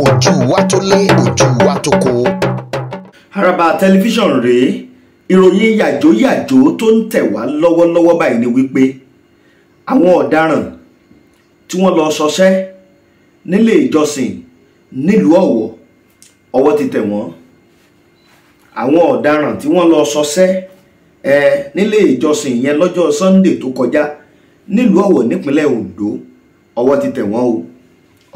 ojú wa tó lé ojú wa tó kó. Araba tẹlifíṣàn rèé ìròyìn yàjóyàjó tó ń tẹ̀ wá lọ́wọ́lọ́wọ́ báyìí ni wípé àwọn ọ̀daràn tí wọ́n lọ ṣọṣẹ́ nílé ìjọsìn nílùú Ọ̀wọ̀ ọwọ́ ti tẹ̀ wọ́n àwọn ọ̀daràn tí wọ́n lọ ṣọṣẹ́ ẹ nílé ìjọsìn yẹn lọ́jọ́ Sunday tó kọjá nílùú Ọ̀wọ̀ nípínlẹ̀ Ondo ọwọ́ ti tẹ̀ wọ́n o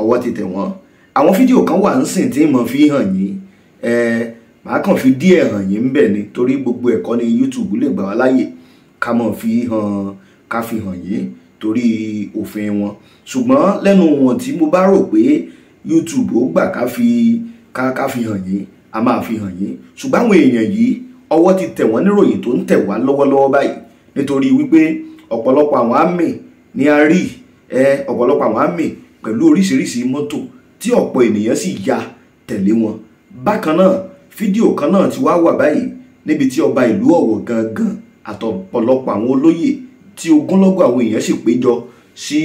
ọwọ́ ti tẹ̀ wọ́n àwọn fídíò kan wà nísìn tí mo fi hàn yín ẹ màá kàn fi díẹ̀ hàn yín ń bẹ̀ ni torí gbogbo ẹ̀kọ́ ní YouTube lè gbà wá láyè ká mọ̀ fi hàn ká fi hàn yín torí òfin wọn ṣùgbọ́n lẹ́nu wọn tí mo bá rò pé YouTube ó gbà ká fi ká ká fi hàn yín a máa fi hàn yín ṣùgbọ́n àwọn èèyàn yìí ọwọ́ ti tẹ̀ wọ́n níròyìn tó ń tẹ̀ wá lọ́wọ́lọ́wọ́ báyìí nítorí wípé ọ̀pọ̀lọpọ̀ àwọn àmì ni a rí ọ̀pọ̀lọpọ̀ àwọn àmì pẹ̀lú oríṣiríṣi mọ́tò tí ọ̀pọ̀ ènìyàn sì ya tẹ̀lé wọn bákan náà fídíò kan náà ti wá wà báyìí níbi tí ọba ìlú ọ̀wọ̀ gangan àtọ̀pọ̀lọpọ̀ àwọn olóyè tí ogúnlọ́gọ̀ àwọn èèyàn sì péjọ sí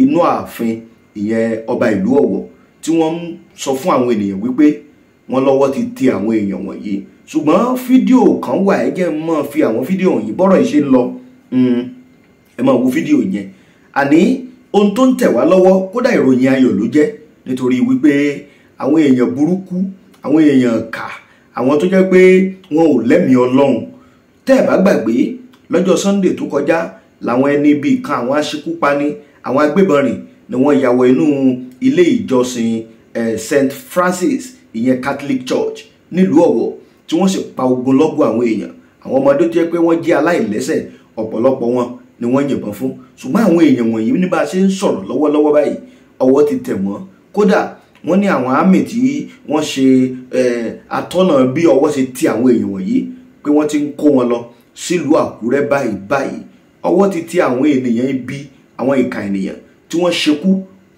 inú ààfin ìyẹn ọba ìlú ọ̀wọ̀ tí wọ́n ń sọ fún àwọn ènìyàn wípé wọ́n lọ́wọ́ ti tẹ àwọn èèyàn wọ̀nyí ṣùgbọ́n fídíò kan wà ẹ jẹ́ mọ́ fi àwọn fídíò yìí bọ́rọ̀ yìí ṣe ń lọ hmm, ẹ máa wo fídíò yẹn àní ohun tó ń tẹ̀ wá lọ́wọ́ kódà ìròyìn ayọ̀ ló jẹ́ nítorí wípé àwọn èèyàn burúkú àwọn èèyàn kà àwọn tó jẹ́ pé wọn ò lẹ́mìí ọlọ́run tẹ́ ẹ̀ bá gbàgbé lọ́jọ́ sunday tó kọjá làwọn ẹni bíi kan àwọn aṣekúpani àwọn agbébọn rìn ni wọ́n yàwọ̀ inú ilé ìjọsìn st francis ìyẹn catholic church nílùú ọ̀wọ̀ tí wọ́n sì pa ogunlọ́gọ̀ àwọn èèyàn àwọn ọmọdé tó jẹ́ pé wọ́n jẹ́ aláìlẹ́sẹ̀ ọ̀pọ̀lọpọ̀ wọn ni wọ́n yìnbọn fún ṣùgbọ́n àwọn èèyàn wọ̀nyí ní bá a ṣe ń sọ̀rọ̀ lọ́wọ́lọ́wọ́ báyìí ọwọ́ ti tẹ̀ wọ́n kódà wọ́n ní àwọn àmì tí wọ́n ṣe atọ́nà bí ọwọ́ ṣe ti àwọn èèyàn wọ̀nyí pé wọ́n ti ń kó wọn lọ sílùú àkúrẹ́ báyìí báyìí ọwọ́ ti ti àwọn ènìyàn ibi àwọn ìka ènìyàn tí wọ́n ṣekú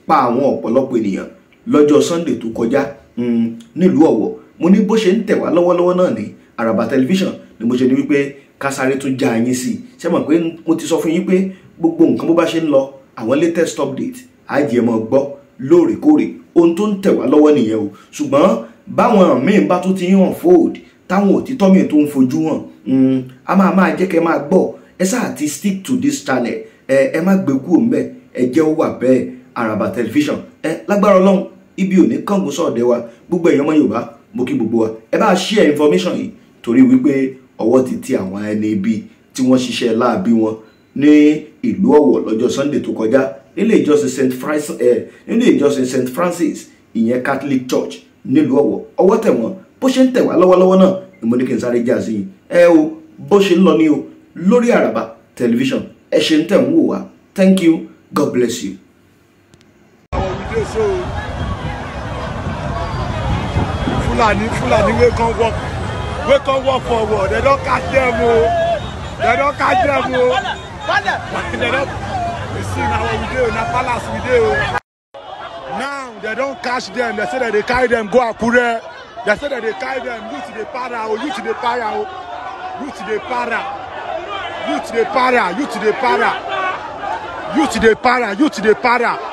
pa àwọn ọ̀pọ̀lọpọ̀ ènìyàn lọ́jọ́ sunday tó kọjá hmm, nílùú ọ̀wọ̀ mo ní bó ṣe ń tẹ̀ wá lọ́wọ́lọ́wọ́ náà ní àràbà tẹlifíṣàn ni mo ṣe ní wípé kásáré tún já yín sí i ṣé mọ̀ pé mo ti sọ fún yín pé gbogbo nǹkan bó bá ṣe ń lọ àwọn latest update á gbọ́ lóòrèkóòrè ohun tó ń tẹ̀ wá lọ́wọ́ nìyẹn o ṣùgbọ́n báwọn míì bá tún ti ń unfold táwọn òtítọ́ míì tó ń fojú hàn hmm, a máa máa jẹ́ kẹ́ máa gbọ́ ẹ sáà ti stick to this channel ẹ ẹ má gbé kúrò mbẹ ẹ jẹ́ ó wà bẹ́ẹ̀ àràbà tẹlifíṣàn ẹ lágbára ọlọ́run ibi ò ní kángun sọ̀dẹ̀ wa gbogbo èèyàn ọmọ yorùbá mo kí gbogbo wa ẹ bá share information yìí torí wípé ọwọ́ ti ti àwọn ẹni ibi tí wọ́n ṣiṣẹ́ láabi wọn ní ìlú ọ̀wọ̀ lọ́jọ́ sunday tó kọjá nílé ìjọsìn st francis nílé eh, ìjọsìn st francis ìyẹn catholic church nílùú ọ̀wọ̀ ọwọ́ tẹ̀ wọ́n bó ṣe ń tẹ̀ wá lọ́wọ́lọ́wọ́ náà ìmọ̀lẹ́ kí n sáré já sí i ẹ o bó ṣe ń lọ ní o lórí àràbà tẹlifíṣàn ẹ ṣe ń tẹ̀ ń wò wá thank you god bless you. Fulani Fulani wey come work wey come work for war dem don catch dem o dem don catch dem You see now what we do, now palace we do. Now they don't catch them, they say that they carry them, go Akure. They say that they carry them, you to the para, oh, you to the para, oh. You to the para. You to the para, you to the para. You to the para, you to the para.